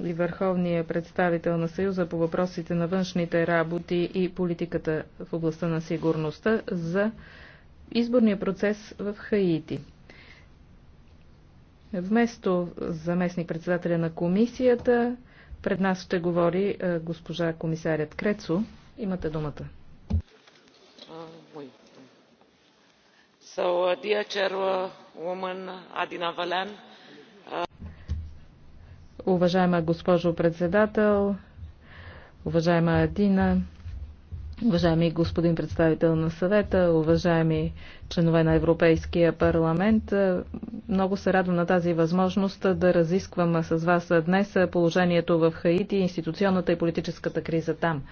и върховния представител на Съюза по въпросите на външните работи и политиката в областта на сигурността за изборния процес в Хаити. Вместо заместник председателя на комисията, пред нас ще говори е, госпожа комисарят Крецо. Имате думата. So, uh, dear Chairwoman Adina Valen, Уважаема госпожо председател, уважаема Адина, уважаеми господин представител на съвета, уважаеми членове на Европейския парламент, много се радвам на тази възможност да разисквам с вас днес положението в Хаити, институционната и политическата криза там.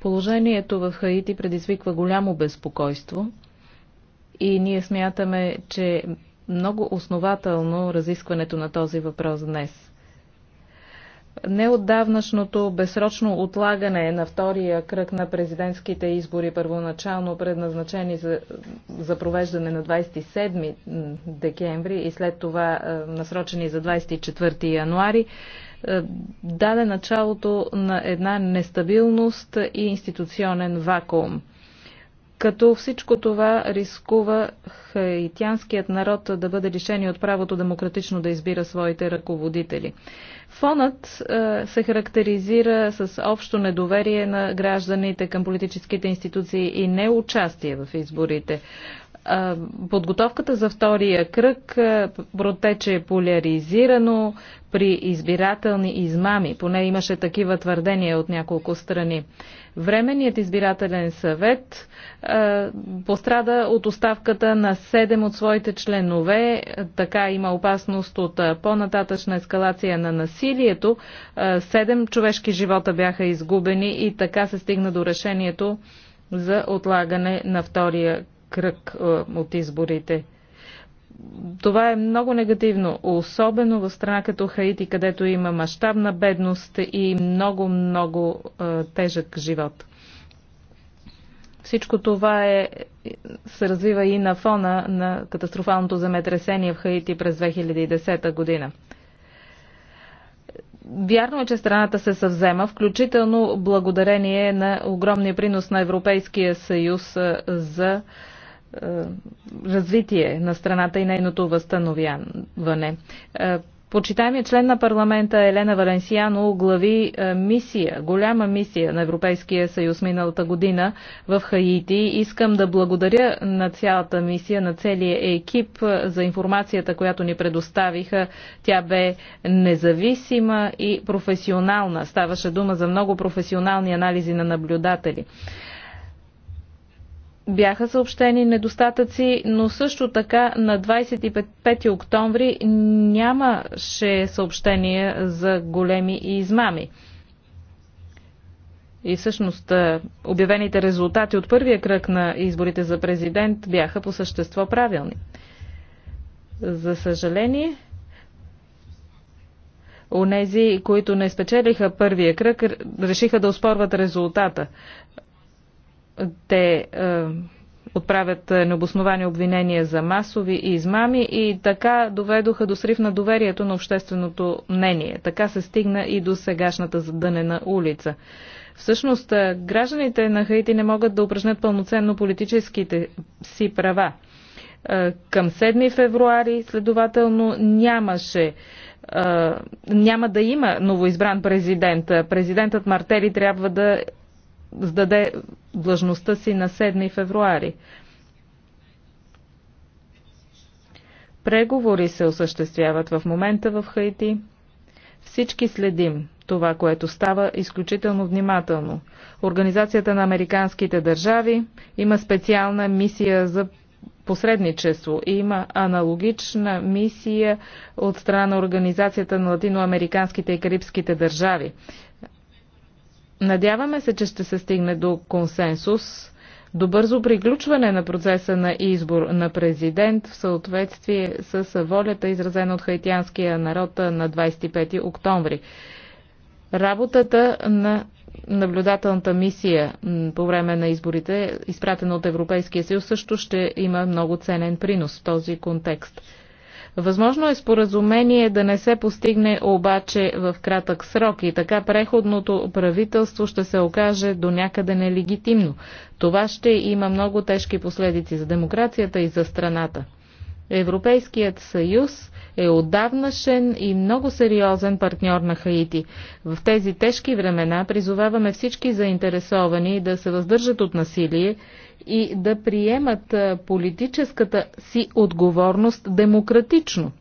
Положението в Хаити предизвиква голямо безпокойство и ние смятаме, че много основателно разискването на този въпрос днес – Неотдавнашното безсрочно отлагане на втория кръг на президентските избори, първоначално предназначени за, за провеждане на 27 декември и след това е, насрочени за 24 януари, е, даде началото на една нестабилност и институционен вакуум като всичко това рискува хаитянският народ да бъде лишен от правото демократично да избира своите ръководители. Фонът е, се характеризира с общо недоверие на гражданите към политическите институции и неучастие в изборите. Подготовката за втория кръг протече поляризирано при избирателни измами. Поне имаше такива твърдения от няколко страни. Временният избирателен съвет пострада от оставката на 7 от своите членове. Така има опасност от по-нататъчна ескалация на насилието. Седем човешки живота бяха изгубени и така се стигна до решението за отлагане на втория кръг е, от изборите. Това е много негативно, особено в страна като Хаити, където има мащабна бедност и много-много е, тежък живот. Всичко това е, се развива и на фона на катастрофалното земетресение в Хаити през 2010 година. Вярно е, че страната се съвзема, включително благодарение на огромния принос на Европейския съюз е, за е, развитие на страната и нейното възстановяване. Е, Почитаемия член на парламента Елена Валенсиано оглави е, мисия, голяма мисия на Европейския съюз миналата година в Хаити. Искам да благодаря на цялата мисия, на целия екип за информацията, която ни предоставиха. Тя бе независима и професионална. Ставаше дума за много професионални анализи на наблюдатели бяха съобщени недостатъци, но също така на 25 октомври нямаше съобщения за големи измами. И всъщност е, обявените резултати от първия кръг на изборите за президент бяха по същество правилни. За съжаление, онези, които не спечелиха първия кръг, решиха да успорват резултата. Те е, отправят е, необосновани обвинения за масови и измами и така доведоха до срив на доверието на общественото мнение. Така се стигна и до сегашната задънена улица. Всъщност, е, гражданите на Хаити не могат да упражнят пълноценно политическите си права. Е, към 7 февруари, следователно, нямаше няма да има новоизбран президент. Президентът Мартели трябва да сдаде длъжността си на 7 февруари. Преговори се осъществяват в момента в Хаити. Всички следим това, което става изключително внимателно. Организацията на американските държави има специална мисия за посредничество и има аналогична мисия от страна на Организацията на латиноамериканските и карибските държави. Надяваме се, че ще се стигне до консенсус, до бързо приключване на процеса на избор на президент в съответствие с волята, изразена от хаитянския народ на 25 октомври. Работата на наблюдателната мисия по време на изборите, изпратена от Европейския съюз, също ще има много ценен принос в този контекст. Възможно е споразумение да не се постигне обаче в кратък срок и така преходното правителство ще се окаже до някъде нелегитимно. Това ще има много тежки последици за демокрацията и за страната. Европейският съюз е отдавнашен и много сериозен партньор на Хаити. В тези тежки времена призоваваме всички заинтересовани да се въздържат от насилие и да приемат политическата си отговорност демократично.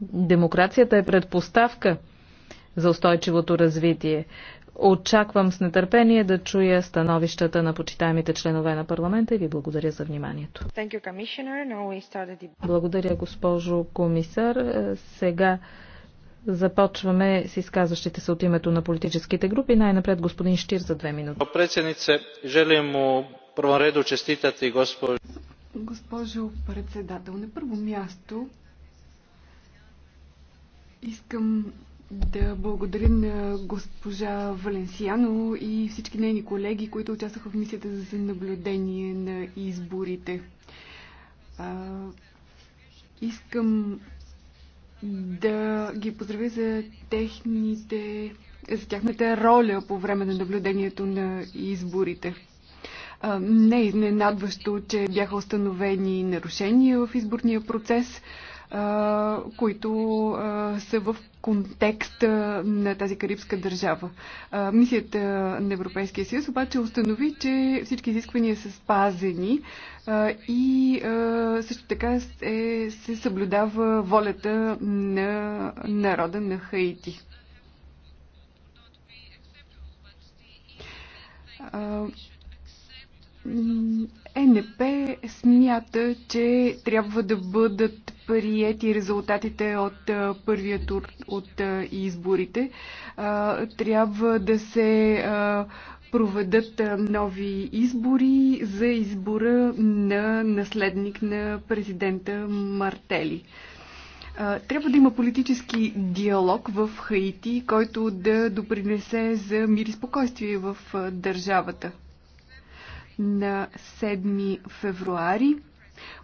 Демокрацията е предпоставка за устойчивото развитие. Очаквам с нетърпение да чуя становищата на почитаемите членове на парламента и ви благодаря за вниманието. Благодаря, госпожо комисар. Сега започваме с изказващите се от името на политическите групи. Най-напред господин Штир за две минути. Председнице, желим у първом реду честитати госпожо. Госпожо председател, на първо място искам да благодарим на госпожа Валенсиано и всички нейни колеги, които участваха в мисията за наблюдение на изборите. А, искам да ги поздравя за техните за тяхната роля по време на наблюдението на изборите. Не изненадващо, че бяха установени нарушения в изборния процес които са в контекст на тази карибска държава. Мисията на Европейския съюз обаче установи, че всички изисквания са спазени и също така е, се съблюдава волята на народа на Хаити. ЕНП смята, че трябва да бъдат прияти резултатите от първия тур от изборите. Трябва да се проведат нови избори за избора на наследник на президента Мартели. Трябва да има политически диалог в Хаити, който да допринесе за мир и спокойствие в държавата. На 7 февруари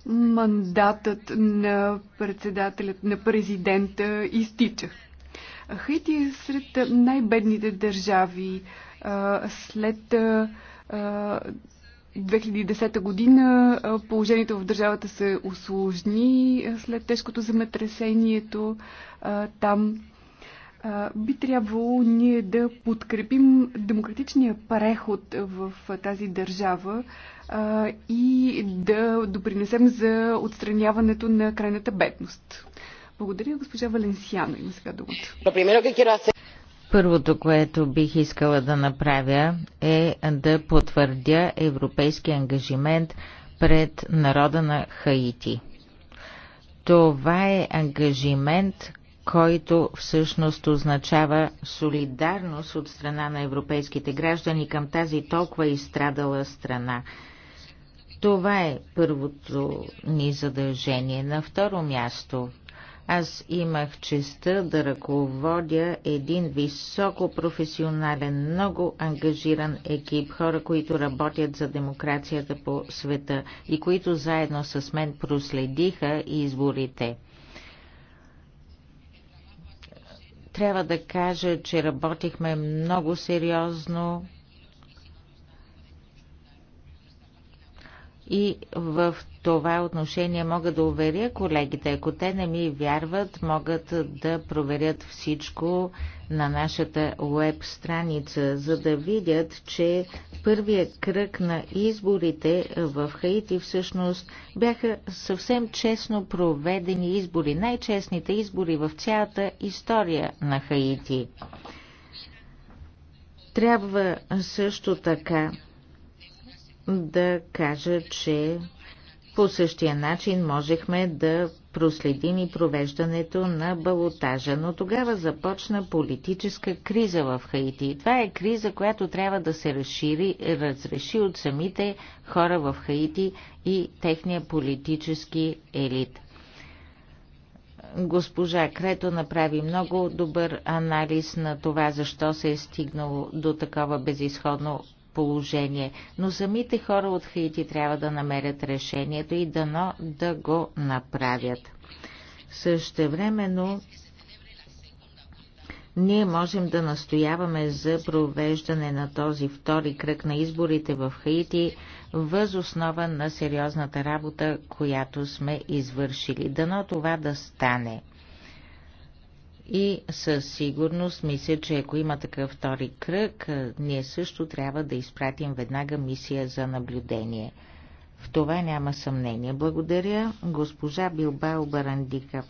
мандатът на председателят на президента изтича. Хаити е сред най-бедните държави. След 2010 година положението в държавата се осложни след тежкото земетресението там би трябвало ние да подкрепим демократичния преход в тази държава и да допринесем за отстраняването на крайната бедност. Благодаря, госпожа Валенсиано. Има сега думата. Първото, което бих искала да направя е да потвърдя европейски ангажимент пред народа на Хаити. Това е ангажимент, който всъщност означава солидарност от страна на европейските граждани към тази толкова изстрадала страна. Това е първото ни задължение. На второ място, аз имах честа да ръководя един високо професионален, много ангажиран екип, хора, които работят за демокрацията по света и които заедно с мен проследиха изборите. Трябва да кажа, че работихме много сериозно, И в това отношение мога да уверя колегите, ако те не ми вярват, могат да проверят всичко на нашата веб страница, за да видят, че първия кръг на изборите в Хаити всъщност бяха съвсем честно проведени избори, най-честните избори в цялата история на Хаити. Трябва също така да кажа, че по същия начин можехме да проследим и провеждането на балотажа, но тогава започна политическа криза в Хаити. това е криза, която трябва да се разшири, разреши от самите хора в Хаити и техния политически елит. Госпожа Крето направи много добър анализ на това, защо се е стигнало до такова безисходно положение, но самите хора от Хаити трябва да намерят решението и дано да го направят. Същевременно ние можем да настояваме за провеждане на този втори кръг на изборите в Хаити въз основа на сериозната работа, която сме извършили. Дано това да стане. И със сигурност мисля, че ако има такъв втори кръг, ние също трябва да изпратим веднага мисия за наблюдение. В това няма съмнение. Благодаря госпожа Билбао Барандика.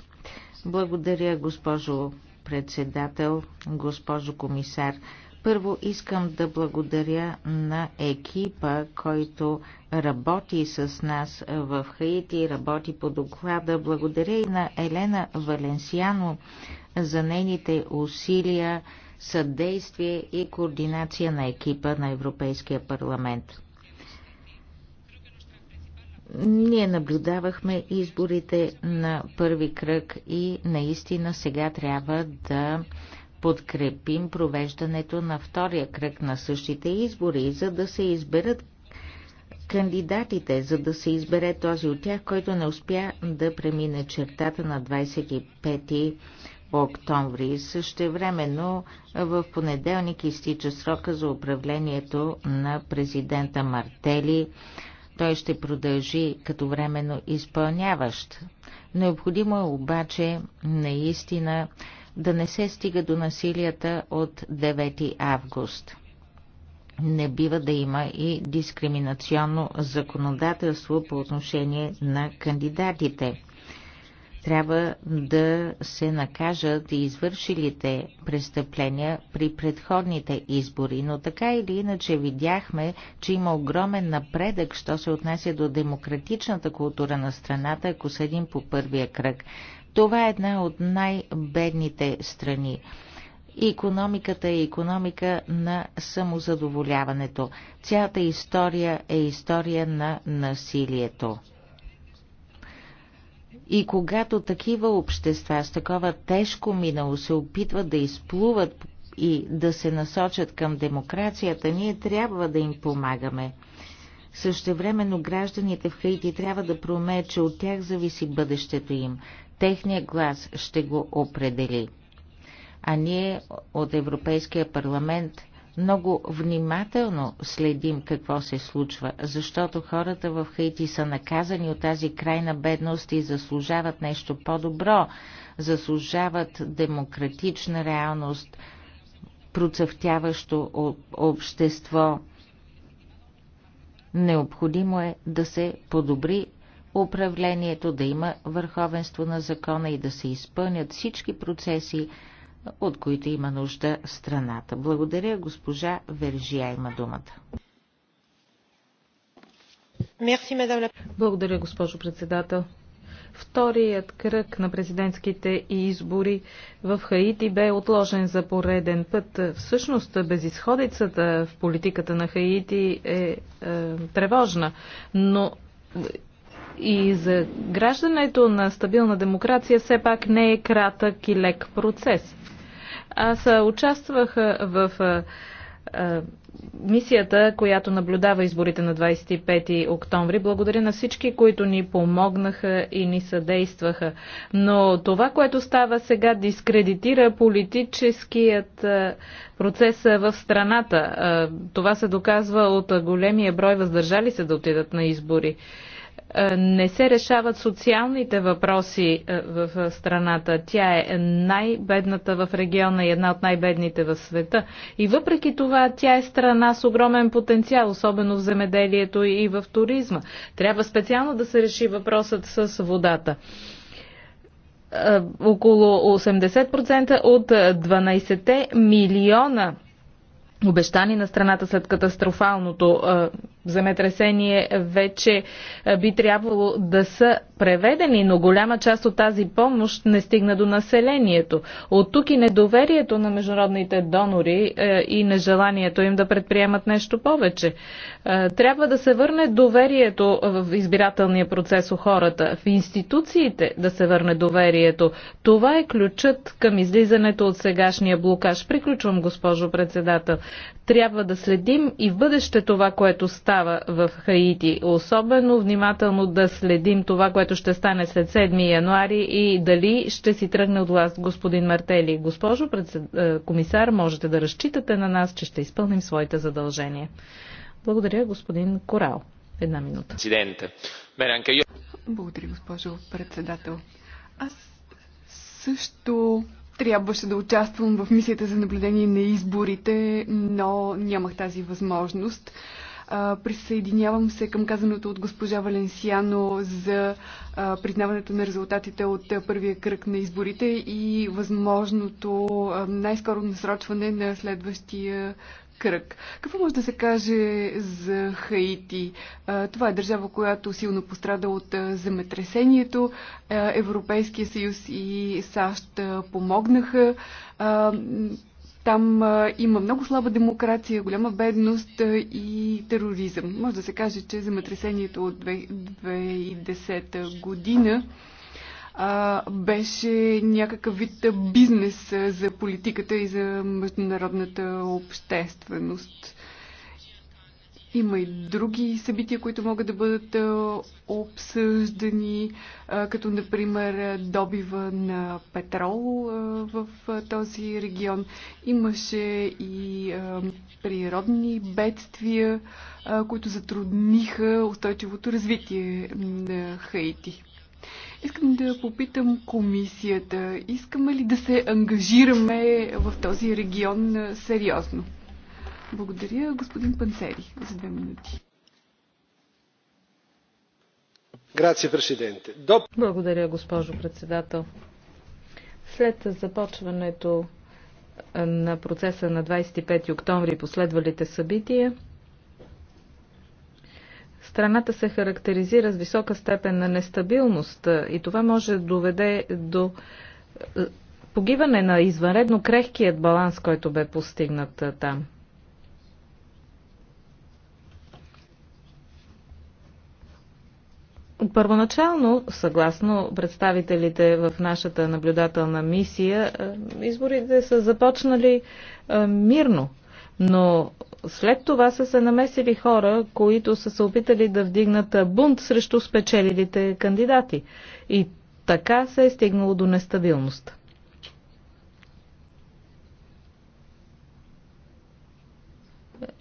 Благодаря госпожо председател, госпожо комисар. Първо искам да благодаря на екипа, който работи с нас в Хаити, работи по доклада. Благодаря и на Елена Валенсиано за нейните усилия, съдействие и координация на екипа на Европейския парламент. Ние наблюдавахме изборите на първи кръг и наистина сега трябва да подкрепим провеждането на втория кръг на същите избори, за да се изберат кандидатите, за да се избере този от тях, който не успя да премине чертата на 25 октомври. Същевременно в понеделник изтича срока за управлението на президента Мартели. Той ще продължи като временно изпълняващ. Необходимо е обаче наистина да не се стига до насилията от 9 август. Не бива да има и дискриминационно законодателство по отношение на кандидатите. Трябва да се накажат и извършилите престъпления при предходните избори, но така или иначе видяхме, че има огромен напредък, що се отнася до демократичната култура на страната, ако съдим по първия кръг. Това е една от най-бедните страни. Економиката е економика на самозадоволяването. Цялата история е история на насилието. И когато такива общества с такова тежко минало се опитват да изплуват и да се насочат към демокрацията, ние трябва да им помагаме. Същевременно гражданите в Хаити трябва да проумеят, че от тях зависи бъдещето им. Техният глас ще го определи. А ние от Европейския парламент много внимателно следим какво се случва, защото хората в Хаити са наказани от тази крайна бедност и заслужават нещо по-добро, заслужават демократична реалност, процъфтяващо общество. Необходимо е да се подобри управлението, да има върховенство на закона и да се изпълнят всички процеси, от които има нужда страната. Благодаря, госпожа Вержия има думата. Благодаря, госпожо председател. Вторият кръг на президентските избори в Хаити бе отложен за пореден път. Всъщност, безисходицата в политиката на Хаити е, е тревожна, но и за граждането на стабилна демокрация все пак не е кратък и лек процес. Аз участвах в мисията, която наблюдава изборите на 25 октомври. Благодаря на всички, които ни помогнаха и ни съдействаха. Но това, което става сега, дискредитира политическият процес в страната. Това се доказва от големия брой въздържали се да отидат на избори. Е, не се решават социалните въпроси е, в страната. Тя е най-бедната в региона и една от най-бедните в света. И въпреки това, тя е страна с огромен потенциал, особено в земеделието и в туризма. Трябва специално да се реши въпросът с водата е, около 80% от 12 милиона обещани на страната след катастрофалното земетресение вече е, би трябвало да са преведени, но голяма част от тази помощ не стигна до населението. От тук и недоверието на международните донори е, и нежеланието им да предприемат нещо повече. Е, трябва да се върне доверието в избирателния процес у хората, в институциите да се върне доверието. Това е ключът към излизането от сегашния блокаж. Приключвам, госпожо председател. Трябва да следим и в бъдеще това, което става става в Хаити. Особено внимателно да следим това, което ще стане след 7 януари и дали ще си тръгне от власт господин Мартели. Госпожо председ... Е, комисар, можете да разчитате на нас, че ще изпълним своите задължения. Благодаря, господин Корал. Една минута. Благодаря, госпожо председател. Аз също трябваше да участвам в мисията за наблюдение на изборите, но нямах тази възможност присъединявам се към казаното от госпожа Валенсиано за а, признаването на резултатите от а, първия кръг на изборите и възможното най-скоро насрочване на следващия кръг. Какво може да се каже за Хаити? Това е държава, която силно пострада от земетресението. Европейския съюз и САЩ помогнаха. Там а, има много слаба демокрация, голяма бедност а, и тероризъм. Може да се каже, че земетресението от 2010 година а, беше някакъв вид бизнес за политиката и за международната общественост. Има и други събития, които могат да бъдат обсъждани, като например добива на петрол в този регион. Имаше и природни бедствия, които затрудниха устойчивото развитие на Хаити. Искам да попитам комисията, искаме ли да се ангажираме в този регион сериозно? Благодаря, господин Панцери, за две минути. Благодаря, госпожо председател. След започването на процеса на 25 октомври и последвалите събития, страната се характеризира с висока степен на нестабилност и това може да доведе до е, погиване на извънредно крехкият баланс, който бе постигнат е, там. Първоначално, съгласно представителите в нашата наблюдателна мисия, е, изборите са започнали е, мирно, но след това са се намесили хора, които са се опитали да вдигнат бунт срещу спечелилите кандидати. И така се е стигнало до нестабилност.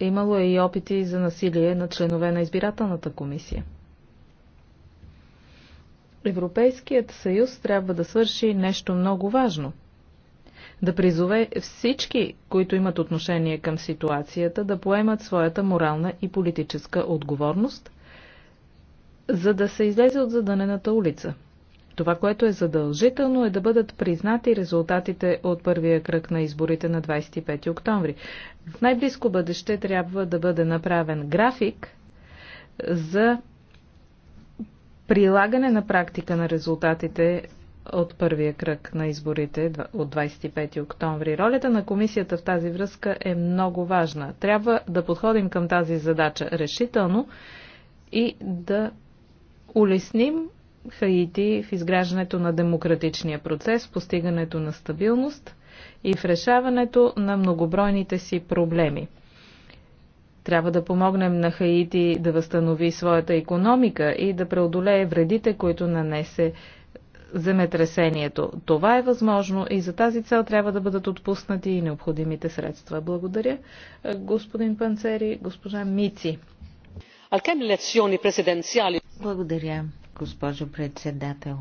Имало е и опити за насилие на членове на избирателната комисия. Европейският съюз трябва да свърши нещо много важно. Да призове всички, които имат отношение към ситуацията, да поемат своята морална и политическа отговорност, за да се излезе от задънената улица. Това, което е задължително, е да бъдат признати резултатите от първия кръг на изборите на 25 октомври. В най-близко бъдеще трябва да бъде направен график за прилагане на практика на резултатите от първия кръг на изборите от 25 октомври. Ролята на комисията в тази връзка е много важна. Трябва да подходим към тази задача решително и да улесним Хаити в изграждането на демократичния процес, постигането на стабилност и в решаването на многобройните си проблеми. Трябва да помогнем на Хаити да възстанови своята економика и да преодолее вредите, които нанесе земетресението. Това е възможно и за тази цел трябва да бъдат отпуснати и необходимите средства. Благодаря, господин Панцери, госпожа Мици. Благодаря, госпожо председател.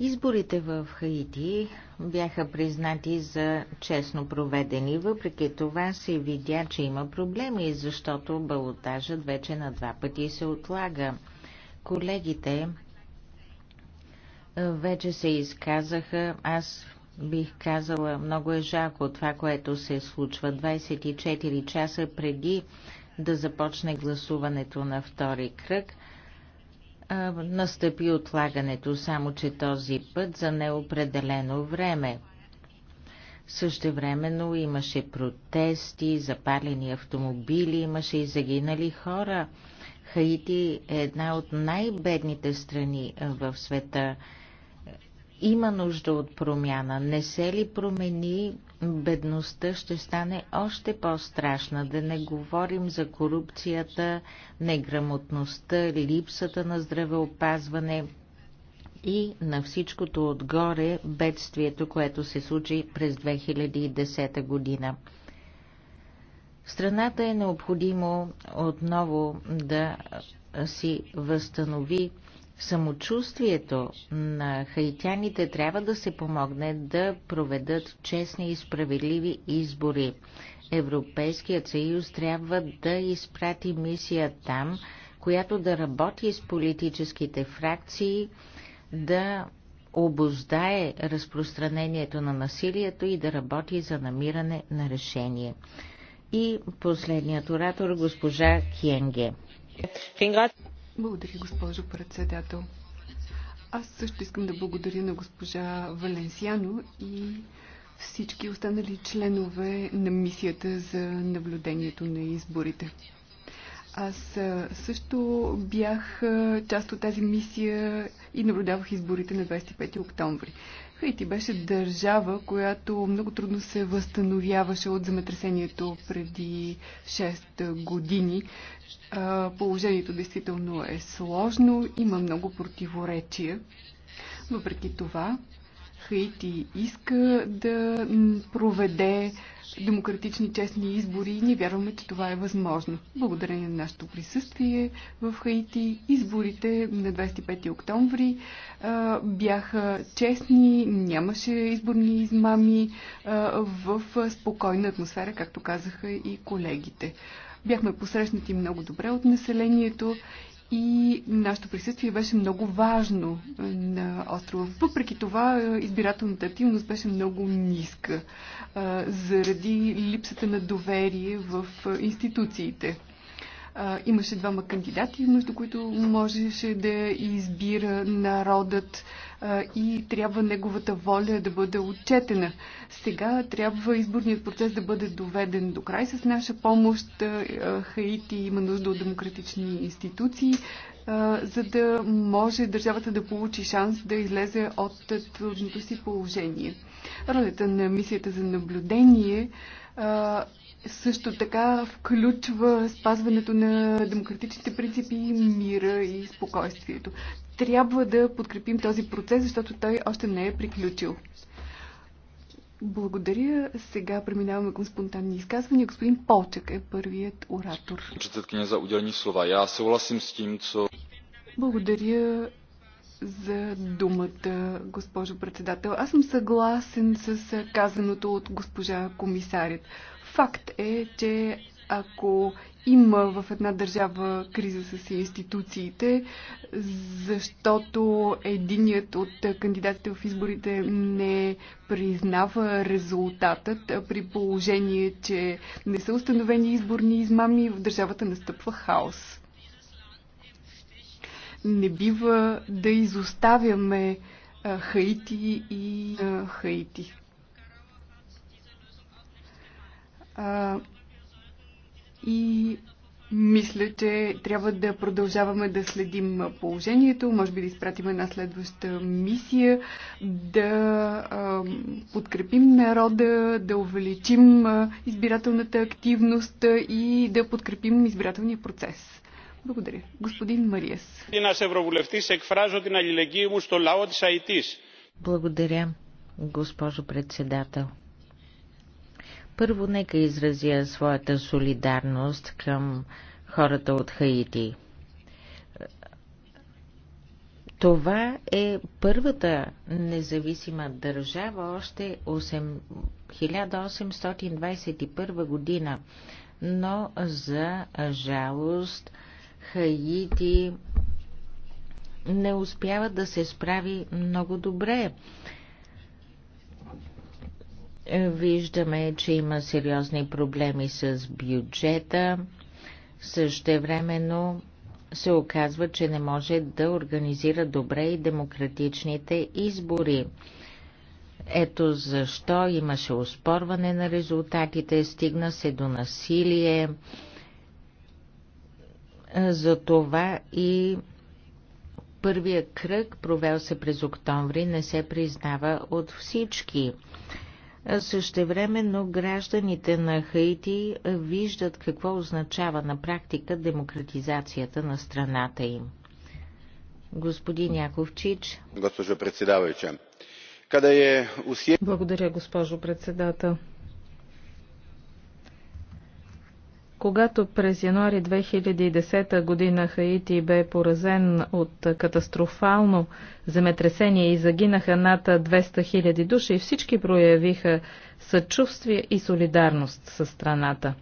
Изборите в Хаити бяха признати за честно проведени. Въпреки това се видя, че има проблеми, защото балотажът вече на два пъти се отлага. Колегите вече се изказаха. Аз бих казала, много е жалко това, което се случва 24 часа преди да започне гласуването на втори кръг настъпи отлагането, само че този път за неопределено време. Същевременно имаше протести, запалени автомобили, имаше и загинали хора. Хаити е една от най-бедните страни в света. Има нужда от промяна. Не се ли промени бедността ще стане още по-страшна. Да не говорим за корупцията, неграмотността, липсата на здравеопазване и на всичкото отгоре бедствието, което се случи през 2010 година. страната е необходимо отново да си възстанови самочувствието на хаитяните трябва да се помогне да проведат честни и справедливи избори. Европейският съюз трябва да изпрати мисия там, която да работи с политическите фракции, да обоздае разпространението на насилието и да работи за намиране на решение. И последният оратор, госпожа Кенге. Благодаря, госпожо председател. Аз също искам да благодаря на госпожа Валенсиано и всички останали членове на мисията за наблюдението на изборите. Аз също бях част от тази мисия и наблюдавах изборите на 25 октомври. Хаити беше държава, която много трудно се възстановяваше от земетресението преди 6 години. Положението действително е сложно, има много противоречия. Въпреки това, Хаити иска да проведе демократични честни избори и ние вярваме, че това е възможно. Благодарение на нашето присъствие в Хаити, изборите на 25 октомври а, бяха честни, нямаше изборни измами а, в спокойна атмосфера, както казаха и колегите. Бяхме посрещнати много добре от населението и нашето присъствие беше много важно е, на острова. Въпреки това, е, избирателната активност беше много ниска е, заради липсата на доверие в институциите. А, имаше двама кандидати, между които можеше да избира народът а, и трябва неговата воля да бъде отчетена. Сега трябва изборният процес да бъде доведен до край с наша помощ. А, Хаити има нужда от демократични институции, а, за да може държавата да получи шанс да излезе от трудното си положение. Ролята на мисията за наблюдение а, също така включва спазването на демократичните принципи, мира и спокойствието. Трябва да подкрепим този процес, защото той още не е приключил. Благодаря. Сега преминаваме към спонтанни изказвания. Господин Полчък е първият оратор. Председателкиня за отделни слова. Я с тим, че. Благодаря за думата, госпожо председател. Аз съм съгласен с казаното от госпожа комисарят. Факт е, че ако има в една държава криза с институциите, защото единият от кандидатите в изборите не признава резултатът при положение, че не са установени изборни измами, в държавата настъпва хаос. Не бива да изоставяме Хаити и Хаити. А, и мисля, че трябва да продължаваме да следим положението, може би да изпратим една следваща мисия, да а, подкрепим народа, да увеличим избирателната активност и да подкрепим избирателния процес. Благодаря. Господин Мариес. Благодаря, госпожо председател. Първо нека изразя своята солидарност към хората от Хаити. Това е първата независима държава още 8, 1821 година, но за жалост Хаити не успява да се справи много добре Виждаме, че има сериозни проблеми с бюджета. Същевременно се оказва, че не може да организира добре и демократичните избори. Ето защо имаше успорване на резултатите, стигна се до насилие. Затова и първия кръг, провел се през октомври, не се признава от всички. Същевременно гражданите на Хаити виждат какво означава на практика демократизацията на страната им. Господин Яковчич. Госпожо председавача, къде е усие... Благодаря, госпожо председател. Когато през януари 2010 година Хаити бе поразен от катастрофално земетресение и загинаха над 200 000 души, всички проявиха съчувствие и солидарност с страната.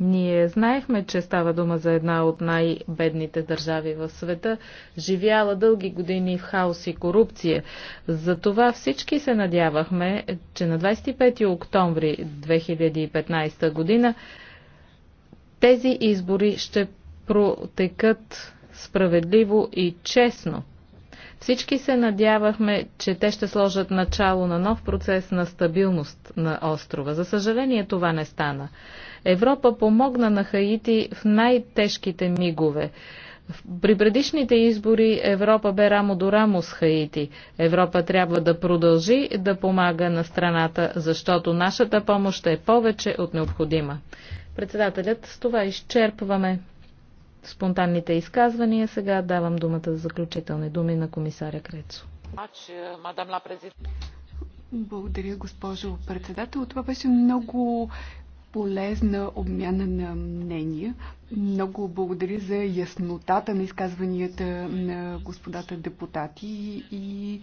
Ние знаехме, че става дума за една от най-бедните държави в света, живяла дълги години в хаос и корупция. Затова всички се надявахме, че на 25 октомври 2015 година тези избори ще протекат справедливо и честно. Всички се надявахме, че те ще сложат начало на нов процес на стабилност на острова. За съжаление това не стана. Европа помогна на Хаити в най-тежките мигове. При предишните избори Европа бе рамо до рамо с Хаити. Европа трябва да продължи да помага на страната, защото нашата помощ е повече от необходима. Председателят, с това изчерпваме спонтанните изказвания. Сега давам думата за заключителни думи на комисаря Крецо. Благодаря, госпожо председател. Това беше много полезна обмяна на мнения. Много благодаря за яснотата на изказванията на господата депутати и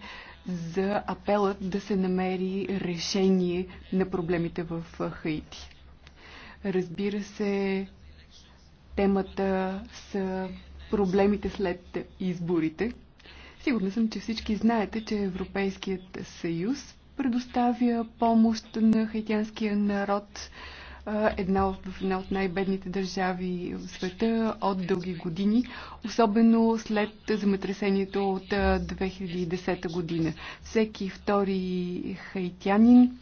за апелът да се намери решение на проблемите в Хаити. Разбира се, темата с проблемите след изборите. Сигурна съм, че всички знаете, че Европейският съюз предоставя помощ на хайтянския народ, една от, една от най-бедните държави в света от дълги години, особено след земетресението от 2010 година. Всеки втори хайтянин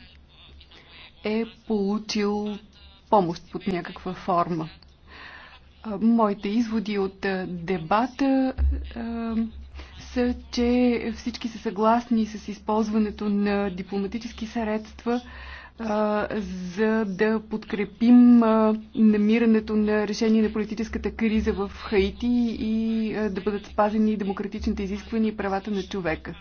е получил помощ под някаква форма. Моите изводи от дебата са, че всички са съгласни с използването на дипломатически средства, за да подкрепим намирането на решение на политическата криза в Хаити и да бъдат спазени демократичните изисквания и правата на човека.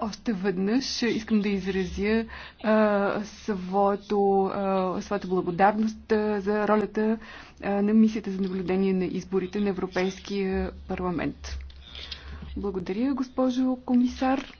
Още веднъж искам да изразя а, своето, а, своята благодарност а, за ролята а, на мисията за наблюдение на изборите на Европейския парламент. Благодаря, госпожо комисар.